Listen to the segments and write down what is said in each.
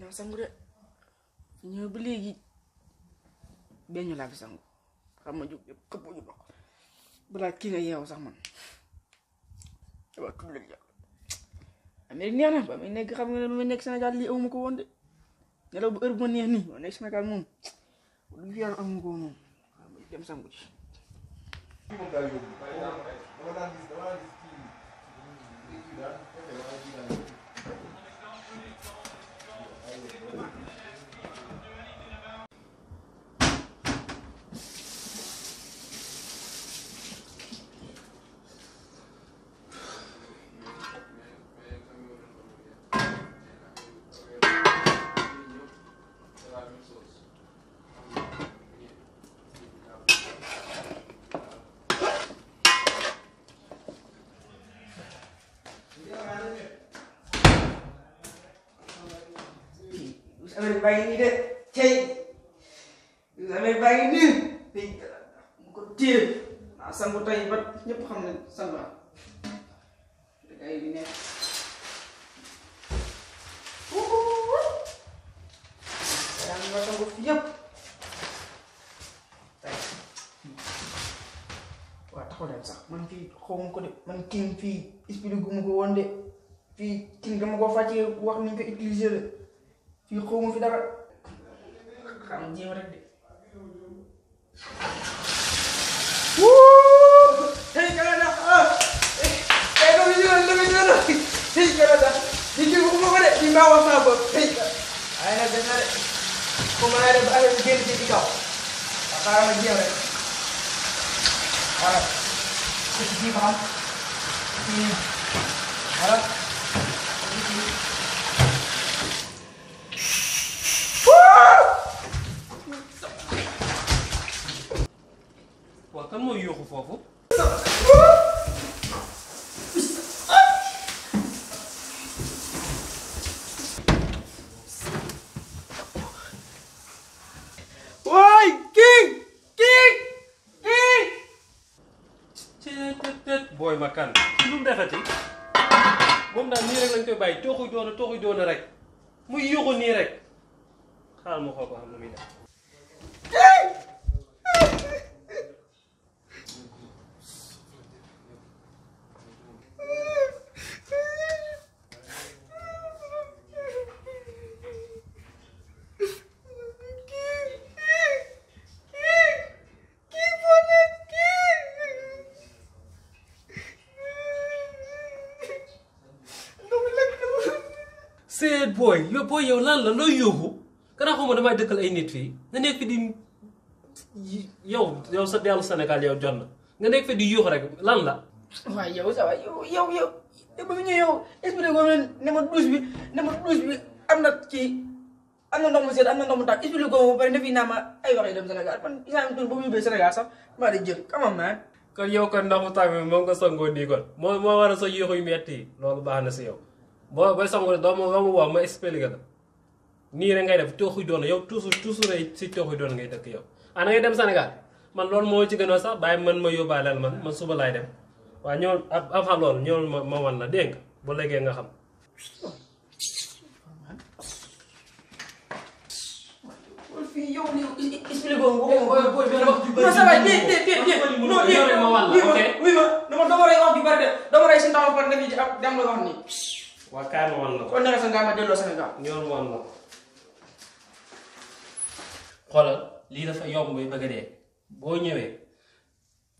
naa sangu de ñëw ba léegi benn laa fi sangu xam ma jóg yëpp këpp ñu bokk balaa kii nga yeewu sax man waaw tudd la jàpp Amérique neex na ba may nekk xam nga ne may nekk Sénégal lii amu ko woon de nelaw bu heure bu ma neex nii ma nekk Sénégal moom du fi yàlla amu ko woon moom dem sangu ci dama daan gis bay đi chạy, bay đi, thì öyle beyni kutil sang một tay bắt nhấp không nên sang vào đây đi nè đang vào trong cột phía, và thao đẹp sắc mình phi không có được mình kinh phi ít phi được gum gum đấy phi kinh gum gum phải chơi quăng mình phải ít chơi. rồi fii xaw ma fi dara xam jéem rek de. Hey Canada, ah, hey, don't you know, don't you know, hey Canada, did you come over there? You know what's up, hey. I had done it. Come on, I had I had been to pick up. I thought I'm here. All right, just keep on. All right. booy ma kan lu mu defati moom daal nii rek lañ koy bàyyi tooxu joona tooxu joona rek muy yuuxu nii rek xaaral ma xool ko xam muy def seet booy yow lan la looy yóbbu kanaa xaw ma damay dëkkal ay nit nekk fi di yow yow sa dellu senegal yow jot na nga nekk fi di yuux rek lan la. waaw yow ça va yow yow yow ba mu yow expliqué ko ne ma douche bi ne ma na ci am na ndox na mu tàkk expliqué ko ba pare ne fii naa ma ka wax yu dem Sénégal man gis naa ne di kon yow kon ndox mu tàkk bi moo moo war a sa yuuxu yu metti loolu baax na si yow. boo booy sangu rek nii rek ngay def tooxuy doon yow toujours toujours rek si tooxuy doon ngay dëkk yow. ah na ngay dem Sénégal man loolu moo ci gënoo sax bàyyi man ma yóbbaaleel man man suba laay dem waaye ñoom ab avant loolu ñoom ma ma wan la dégg nga bu léegi nga xam. ma bari de dama rey si ndaw ba pare nii. wakano wonno ko nega sa ngama delloo sénégal ñoon wonno xoolal lii dafa yomb bi bëgg dee boo ñëwee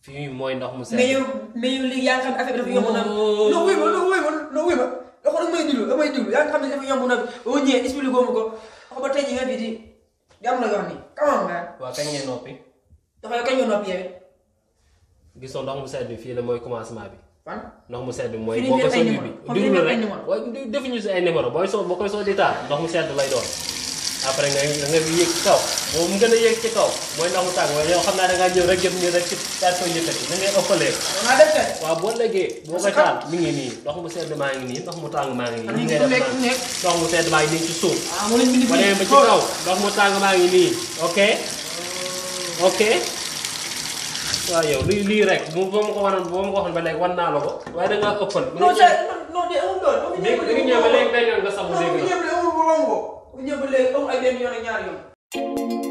fii mooy ndox mu sedd mais yow mais yow léegi yaa ngi xam ne affaire dafa yomb na non wuy ma non wuy ma non wuy ma da xool may dulu may dulu yaa ngi xam ne dafa yomb na boo ñëwee expliqué ma ko wax ba tey ji nga fi di yam la yoon ni kamam nga waaw kañ ngay noppi dafa kañ nga noppi yow gisoo ndox mu sedd bi fii la mooy commencement bi ndox mu sedd mooy. boo ko soññu bi déglu rek waaye defuñu si ay numéro booy soo boo koy soo di taal ndox mu sedd lay doon. après nga nga yéeg ci kaw moom mu a yéeg ci kaw mooy ndox mu tàng mooy yow xam naa da ngaa jël rek jëm ñu rek ci daal koy yëkkati da ngay ëppalee. waaw boo légee boo ngi nii ndox mu sedd maa ngi nii ndox mu tàng maa mu ci ah, kaw ndox mu tàng maa ngi nii ok ok. waaw yow lii lii rek bu boo ma ko waroon boo ma ko waxoon ba léegi wan naa waaye da ngaa ëppal. non c'est non de amul doon. léegi da nga ñëw ba léegi benn yoon nga sax ko bu ñëw ba léegi amul ay benn yoon